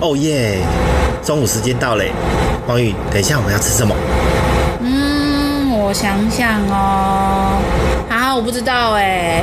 哦耶！中午時間到嘞，黃魚，等一下我們要吃什麼？嗯，我想想哦，好、啊，我不知道哎。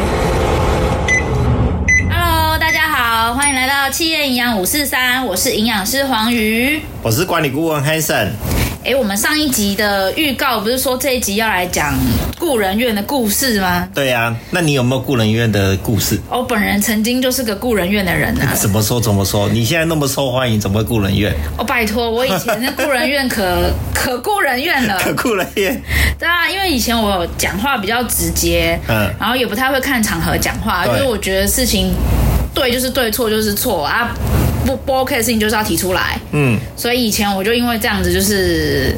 Hello，大家好，歡迎來到企業營養五四三，我是營養師黃魚，我是管理顧問 Hanson。哎、欸，我們上一集的預告不是說這一集要來講顧人怨的故事嗎？對啊，那你有沒有顧人怨的故事？我、哦，本人曾經就是個顧人怨的人啊。怎麼說怎麼說？你現在那麼受歡迎，怎麼會顧人怨？我、哦，拜託，我以前那顧人怨可 可顧人怨了，可顧人怨。 對啊，因為以前我講話比較直接，嗯，然後也不太會看場合講話，因為我覺得事情對就是對，錯就是錯啊。不，播可的事情就是要提出來。嗯，所以以前我就因為這樣子，就是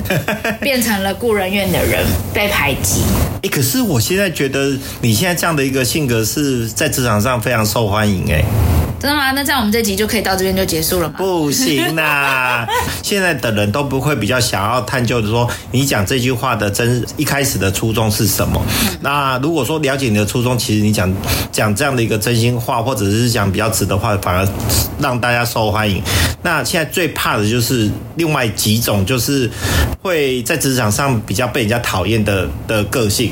變成了顧人怨的人， 被排擠。哎、欸，可是我現在覺得你現在這樣的一個性格是在職場上非常受歡迎、欸。哎。真的嗎？那這樣我們這集就可以到這邊就結束了嗎？不行啦， 現在的人都不會比較想要探究說你講這句話的真一開始的初衷是什麼？嗯。那如果說了解你的初衷，其實你講講這樣的一個真心話，或者是講比較直的話，反而讓大家受歡迎。那現在最怕的就是另外幾種，就是會在職場上比較被人家討厭的的個性。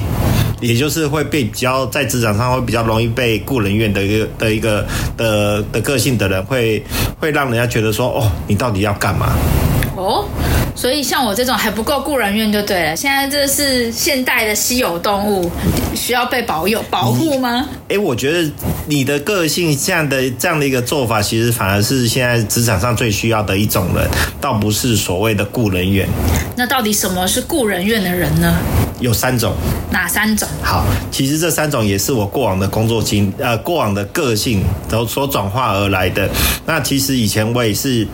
也就是會被比較在職場上會比較容易被顧人怨的一個的一個的的個性的人會，會會讓人家覺得說，哦，你到底要幹嘛？哦，所以像我這種還不夠顧人怨就對了。現在這是現代的稀有動物，需要被保有保護嗎？哎，我覺得你的個性這樣的這樣的一個做法，其實反而是現在職場上最需要的一種人，倒不是所謂的顧人怨。那到底什麼是顧人怨的人呢？有三種，哪三種？好，其實這三種也是我過往的工作經，呃，過往的個性然後所轉化而來的。那其實以前我也是，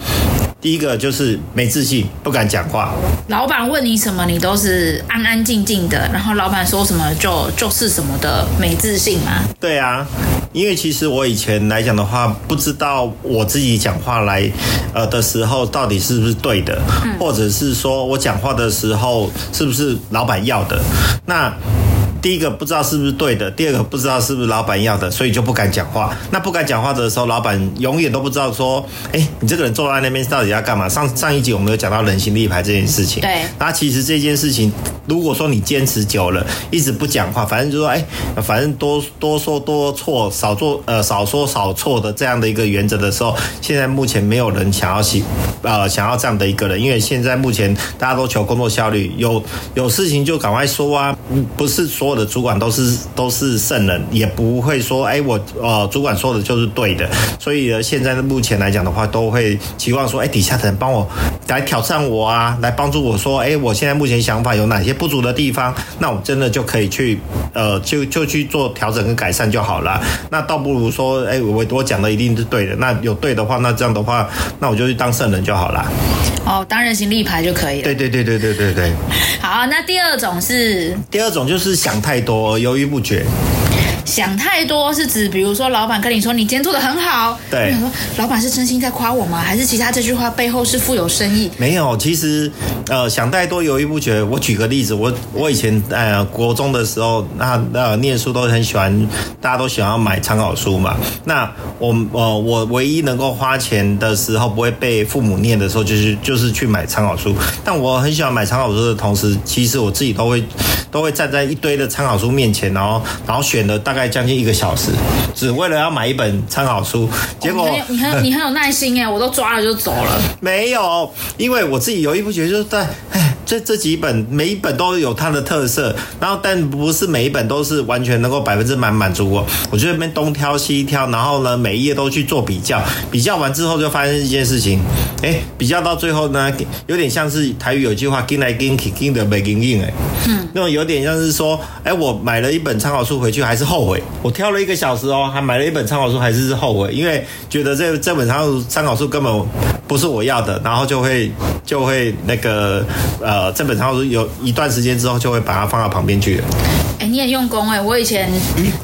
第一個就是沒自信，不敢講話。老闆問你什麼，你都是安安靜靜的，然後老闆說什麼就就是什麼的，沒自信嗎？對啊。因為其實我以前來講的話，不知道我自己講話來呃的時候到底是不是對的，或者是說我講話的時候是不是老闆要的，那。第一個不知道是不是對的，第二個不知道是不是老闆要的，所以就不敢講話。那不敢講話的時候，老闆永遠都不知道說，哎、欸，你這個人坐在那邊到底要幹嘛？上上一集我們有講到人形立牌這件事情。對。那、啊、其實這件事情，如果說你堅持久了，一直不講話，反正就是說，哎、欸，反正多多說多錯，少做呃少說少錯的這樣的一個原則的時候，現在目前沒有人想要喜，呃想要這樣的一個人，因為現在目前大家都求工作效率，有有事情就趕快說啊，不是說。或者主管都是都是聖人，也不會說哎、欸、我呃主管說的就是對的，所以呢現在的目前來講的話，都會期望說哎、欸、底下的人幫我來挑戰我啊，來幫助我說哎、欸、我現在目前想法有哪些不足的地方，那我真的就可以去呃就就去做調整跟改善就好了。那倒不如說哎、欸、我我講的一定是對的，那有對的話，那這樣的話那我就去當聖人就好了。哦，當人形立牌就可以了。對對,對對對對對對對。好，那第二種是第二種就是想。太多而猶豫不決。想太多是指，比如說老闆跟你說，你今天做的很好，對，你想說，老闆是真心在誇我嗎？還是其他這句話背後是富有深意？沒有，其實，呃，想太多猶豫不決。我舉個例子，我我以前呃國中的時候，那那、呃、念書都很喜歡，大家都喜歡買參考書嘛。那我我、呃、我唯一能夠花錢的時候，不會被父母念的時候，就是就是去買參考書。但我很喜歡買參考書的同時，其實我自己都會都會站在一堆的參考書面前，然後然後選的。大概將近一個小時，只為了要買一本參考書，結果，哦，你很你，你很有耐心哎！ 我都抓了就走了。沒有，因為我自己猶豫不決，就是在。這這幾本每一本都有它的特色，然後但不是每一本都是完全能夠百分之百滿足我。我就在那邊東挑西挑，然後呢，每一頁都去做比較，比較完之後就發生一件事情，哎、欸，比較到最後呢，有點像是台語有句話，跟來跟去跟的北京硬哎，嗯，那種有點像是說，哎、欸，我買了一本參考書回去還是後悔，我挑了一個小時哦，還買了一本參考書還是後悔，因為覺得這這本參考書根本不是我要的，然後就會就會那個呃。呃，這本差不多有一段時間之後，就會把它放到旁邊去了你也用功哎、欸！我以前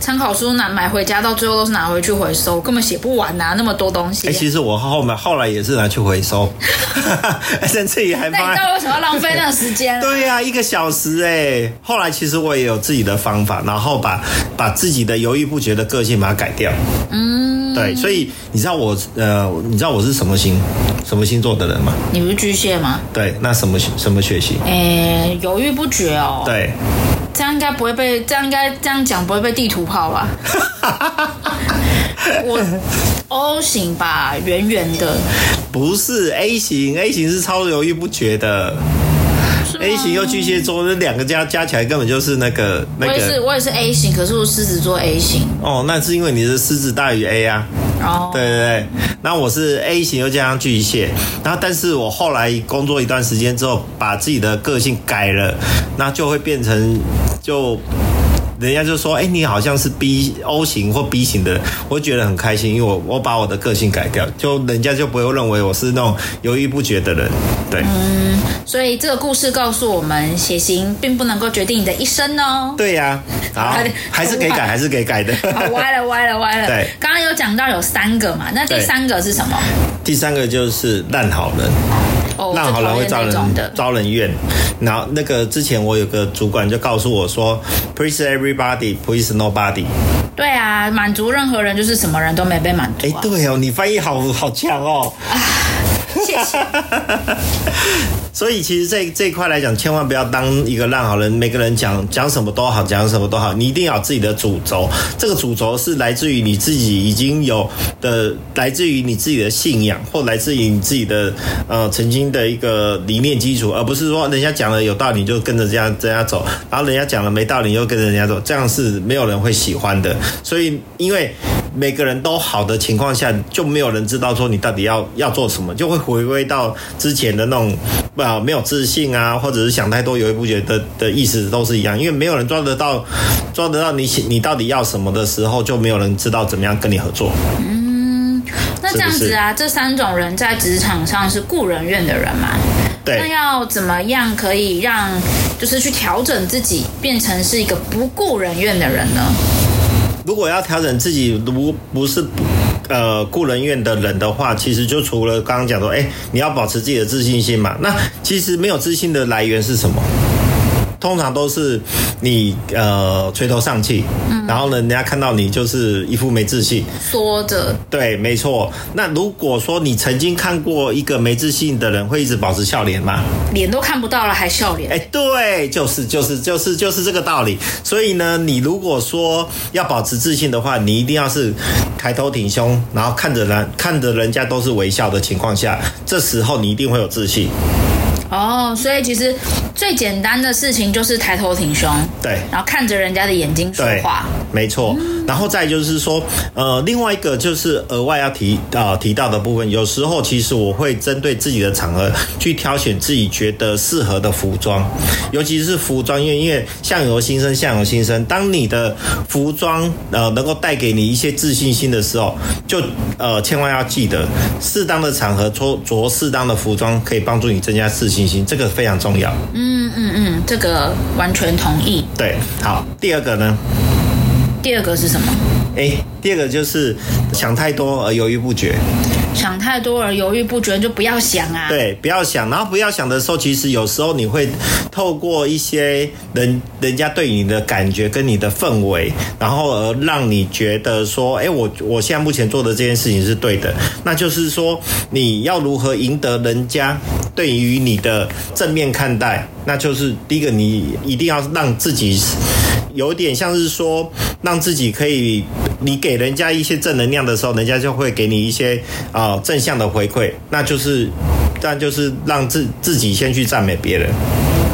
參考書拿買回家，到最後都是拿回去回收，根本寫不完吶、啊，那麼多東西。哎、欸，其實我後面後來也是拿去回收，甚至於還你知道為什麼要浪費那個時間？ 對呀、啊，一個小時哎、欸！後來其實我也有自己的方法，然後把把自己的猶豫不決的個性把它改掉。嗯，對，所以你知道我呃，你知道我是什麼星、什麼星座的人嗎？你不是巨蟹嗎？對，那什麼什麼血型？哎、欸，猶豫不決哦。對。這樣應該不會被這樣應該這樣講不會被地圖炮吧？ 我 O 型吧，圓圓的。不是 A 型，A 型是超猶豫不決的。A 型又巨蟹座，那兩個加加起來根本就是那個那個。我也是，我也是 A 型，可是我獅子座 A 型。哦，那是因為你的獅子大於 A 啊。哦、oh。對對對，那我是 A 型又加上巨蟹，那但是我後來工作一段時間之後，把自己的個性改了，那就會變成就。人家就說：“哎、欸，你好像是 B O 型或 B 型的人，我覺得很開心，因為我我把我的個性改掉，就人家就不會認為我是那種猶豫不決的人，對。”嗯，所以這個故事告訴我們，血型並不能夠決定你的一生哦。對呀、啊，好， 還是可以改，還是可以改的。 好歪了，歪了，歪了。對，剛剛有講到有三個嘛，那第三個是什麼？第三個就是爛好人。Oh, 爛好人，會招人招人怨。然後那個之前我有個主管就告訴我說，Please everybody, please nobody。對啊，滿足任何人就是什麼人都沒被滿足、啊。哎、欸，對哦，你翻譯好好強哦。 所以，其實這這一塊來講，千萬不要當一個爛好人。每個人講講什麼都好，講什麼都好，你一定要有自己的主軸。這個主軸是來自於你自己已經有的，來自於你自己的信仰，或來自於你自己的呃曾經的一個理念基礎，而不是說人家講了有道理就跟着這樣這樣走，然後人家講了沒道理又跟着人家走，這樣是沒有人會喜歡的。所以，因為。每個人都好的情況下，就沒有人知道說你到底要要做什麼，就會回歸到之前的那種不好、沒有自信啊，或者是想太多，猶豫不決的的意思都是一樣。因為沒有人抓得到，抓得到你你到底要什麼的時候，就沒有人知道怎麼樣跟你合作。嗯，那這樣子啊，是是這三種人在職場上是顧人怨的人嘛？對。那要怎麼樣可以讓就是去調整自己，變成是一個不顧人怨的人呢？如果要調整自己，如不是呃顧人怨的人的話，其實就除了剛剛講說，哎、欸，你要保持自己的自信心嘛。那其實沒有自信的來源是什麼？通常都是你呃垂頭喪氣、嗯，然後呢，人家看到你就是一副沒自信，說的。對，沒錯。那如果說你曾經看過一個沒自信的人，會一直保持笑臉嗎？臉都看不到了，還笑臉？哎，對，就是就是就是就是這個道理。所以呢，你如果說要保持自信的話，你一定要是抬頭挺胸，然後看着人看着人家都是微笑的情況下，這時候你一定會有自信。哦、oh，所以其實最簡單的事情就是抬頭挺胸，對，然後看着人家的眼睛說話，沒錯、嗯。然後再就是說，呃，另外一個就是額外要提啊、呃、提到的部分，有時候其實我會針對自己的場合去挑選自己覺得適合的服裝，尤其是服裝業，因為相由心生，相由心生。當你的服裝呃能夠帶給你一些自信心的時候，就呃千萬要記得，適當的場合着着適當的服裝可以幫助你增加自信。這個非常重要。嗯嗯嗯，這個完全同意。對，好，第二個呢？第二個是什麼？哎，第二個就是想太多而猶豫不決。想太多而猶豫不決，就不要想啊！對，不要想，然後不要想的時候，其實有時候你會透過一些人人家對於你的感覺跟你的氛圍，然後而讓你覺得說，誒，我我現在目前做的這件事情是對的。那就是說，你要如何贏得人家對於你的正面看待？那就是第一個，你一定要讓自己有點像是說，讓自己可以。你給人家一些正能量的時候，人家就會給你一些啊、呃、正向的回饋，那就是，那就是讓自自己先去讚美別人。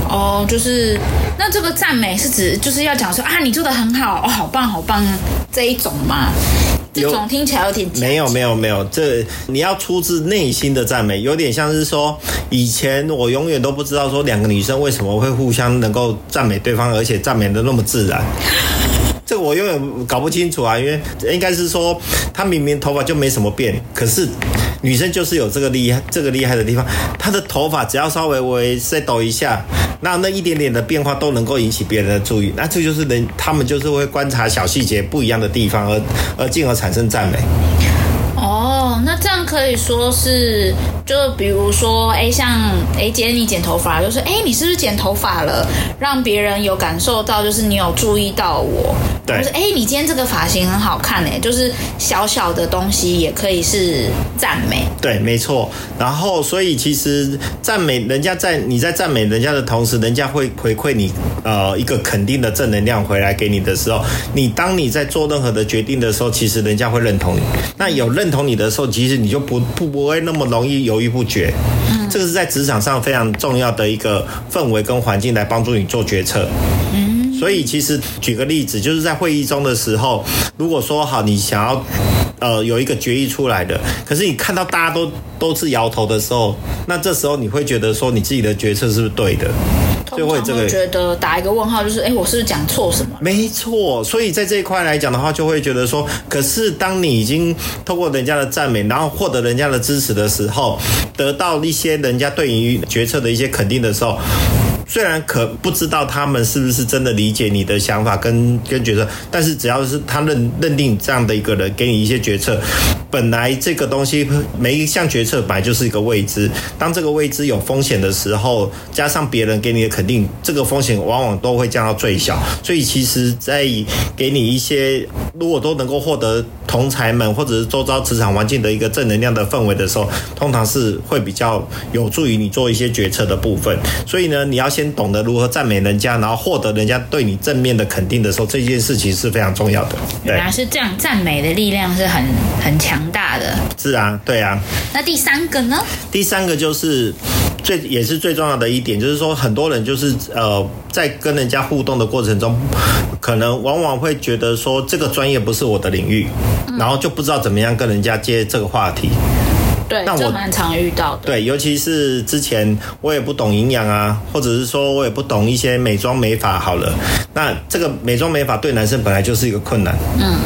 哦，就是那這個讚美是指就是要講說啊，你做得很好哦，好棒好棒啊這一種嘛？這種聽起來有點沒有沒有沒有，這你要出自內心的讚美，有點像是說以前我永遠都不知道說兩個女生為什麼會互相能夠讚美對方，而且讚美的那麼自然。這我有點搞不清楚啊，因為應該是說，她明明頭髮就沒什麼變，可是女生就是有這個厲害、這個厲害的地方，她的頭髮只要稍微微抖一下，那那一點點的變化都能夠引起別人的注意，那這就是人他們就是會觀察小細節不一樣的地方而，而而進而產生贊美。哦，那這樣。可以說是，就比如說，哎、欸，像哎，今天、欸、你剪頭髮，就是哎、欸，你是不是剪頭髮了？讓別人有感受到，就是你有注意到我。對，就是哎，你今天這個髮型很好看、欸，哎，就是小小的東西也可以是讚美。對，沒錯。然後，所以其實讚美人家在，在你在讚美人家的同時，人家會回饋你呃一個肯定的正能量回來給你的時候，你當你在做任何的決定的時候，其實人家會認同你。那有認同你的時候，其實你。就不不不會那麼容易猶豫不決，嗯，這個是在職場上非常重要的一個氛圍跟環境，來幫助你做決策，嗯，所以其實舉個例子，就是在會議中的時候，如果說好你想要呃有一個決議出來的，可是你看到大家都都是搖頭的時候，那這時候你會覺得說你自己的決策是不是對的？就會覺得打一個問號，就是誒，我是講錯什麼？沒錯，所以在這一塊來講的話，就會覺得說，可是當你已經透過人家的讚美，然後獲得人家的支持的時候，得到一些人家對於決策的一些肯定的時候。雖然可不知道他們是不是真的理解你的想法跟跟決策，但是只要是他認認定這樣的一個人給你一些決策，本來這個東西每一項決策本來就是一個未知，當這個未知有風險的時候，加上別人給你的肯定，這個風險往往都會降到最小。所以其實，在給你一些如果都能夠獲得同儕們或者是周遭職場環境的一個正能量的氛圍的時候，通常是會比較有助於你做一些決策的部分。所以呢，你要。先懂得如何讚美人家，然後獲得人家對你正面的肯定的時候，這件事情是非常重要的。對。原來是這樣，讚美的力量是很很強大的。是啊，對啊。那第三個呢？第三個就是最也是最重要的一點，就是說很多人就是呃，在跟人家互動的過程中，可能往往會覺得說這個專業不是我的領域。嗯，然後就不知道怎麼樣跟人家接這個話題。對，那我蠻常遇到的。對，尤其是之前我也不懂營養啊，或者是說我也不懂一些美妝美髮好了。那這個美妝美髮對男生本來就是一個困難。嗯。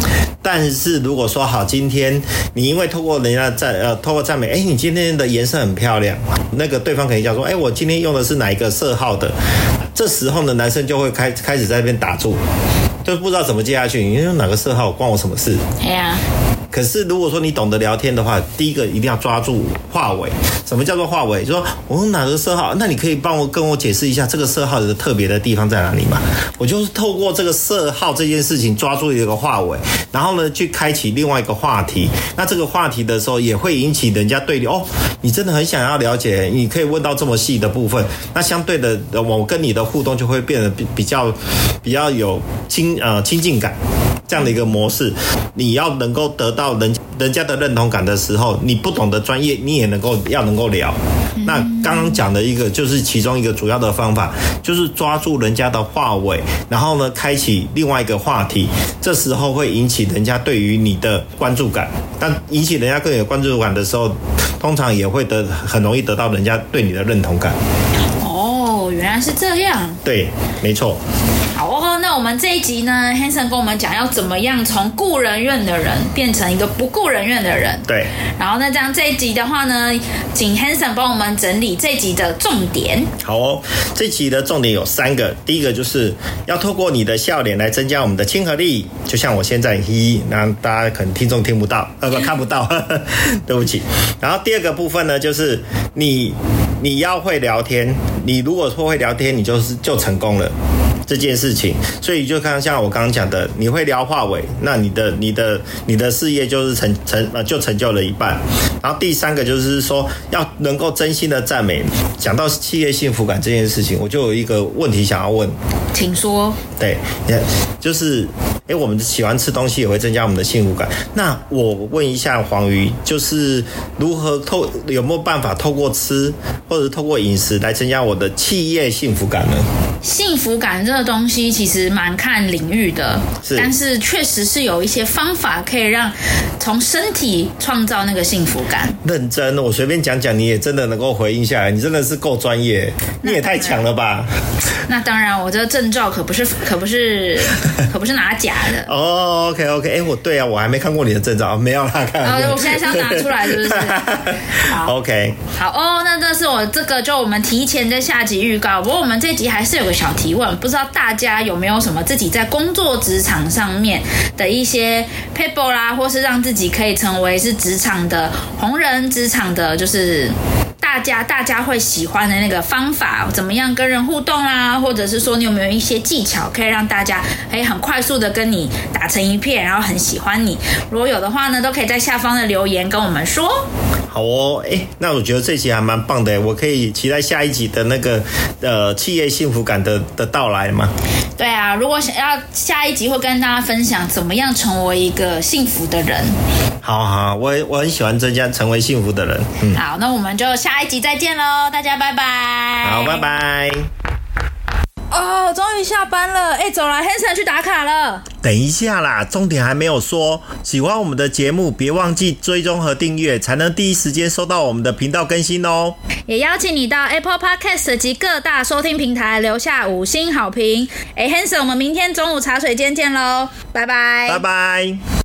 但是如果說好，今天你因為透過人家的讚呃，透過讚美，哎、欸，你今天的顏色很漂亮，那個對方肯定要說，哎、欸，我今天用的是哪一個色號的？這時候呢，男生就會開開始在那邊打住，就不知道怎麼接下去。你用哪個色號關我什麼事？哎呀、啊。可是，如果說你懂得聊天的話，第一個一定要抓住話尾。什麼叫做話尾？就說我用哪個色號？那你可以幫我跟我解釋一下這個色號有個特別的地方在哪裡嗎？我就是透過這個色號這件事情抓住一個話尾，然後呢，去開啟另外一個話題。那這個話題的時候，也會引起人家對你哦。你真的很想要了解，你可以問到這麼細的部分。那相對的，我跟你的互動就會變得比比較比較有親呃親近感。這樣的一個模式，你要能夠得到人人家的認同感的時候，你不懂的專業你也能夠要能夠聊。那剛剛講的一個就是其中一個主要的方法，就是抓住人家的話尾，然後呢，開啟另外一個話題，這時候會引起人家對於你的關注感。但引起人家更有關注感的時候，通常也會得很容易得到人家對你的認同感。哦，原來是這樣。對，沒錯。那我們這一集呢，Hanson 跟我們講要怎麼樣從顧人怨的人變成一個不顧人怨的人。對。然後那這樣這一集的話呢，請 Hanson 幫我們整理這一集的重點。好哦，這一集的重點有三個。第一個就是要透過你的笑臉來增加我們的親和力，就像我現在一，那大家可能聽眾聽不到，呃不，看不到， 對不起。然後第二個部分呢，就是你你要會聊天，你如果說會聊天，你就是就成功了。這件事情，所以就看像我剛剛講的，你會聊話尾，那你的、你的、你的事業就是成成就成就了一半。然後第三個就是說，要能夠真心的讚美。講到企業幸福感這件事情，我就有一個問題想要問，請說。對、Yes. 就是，哎、欸，我們喜歡吃東西也會增加我們的幸福感。那我問一下黃魚，就是如何透有沒有辦法透過吃或者透過飲食來增加我的企業幸福感呢？幸福感這個東西其實蠻看領域的，是，但是確實是有一些方法可以讓從身體創造那個幸福感。認真，我隨便講講，你也真的能夠回應下來，你真的是夠專業，你也太強了吧？那當然，我這個證照可不是，可不是。 可不是拿假的哦。Oh, OK OK，哎、欸，我對啊，我還沒看過你的證照，沒有啦。啊、oh, 我現在想要拿出來，是不是？ okay, 好，OK 好。好哦，那這是我這個，就我們提前在下集預告。不過我們這集還是有個小提問，不知道大家有沒有什麼自己在工作職場上面的一些 people 啦，或是讓自己可以成為是職場的紅人，職場的就是。大家，大家會喜歡的那個方法，怎麼樣跟人互動啊？或者是說，你有沒有一些技巧可以讓大家可以、欸、很快速的跟你打成一片，然後很喜歡你？如果有的話呢，都可以在下方的留言跟我們說。好哦，哎、欸，那我覺得這期還蠻棒的，我可以期待下一集的那個呃企業幸福感的的到來嗎？對啊，如果想要下一集會跟大家分享怎麼樣成為一個幸福的人。好好，我我很喜歡這集成為幸福的人。嗯，好，那我們就下一集再見嘍，大家拜拜。好，拜拜。哦，終於下班了！哎，走啦，Hanson 去打卡了。等一下啦，重點還沒有說。喜歡我們的節目，別忘記追蹤和訂閱，才能第一時間收到我們的頻道更新哦。也邀請你到 Apple Podcast 及各大收聽平台留下五星好評。哎，Hanson，我們明天中午茶水間見嘍！拜拜，拜拜。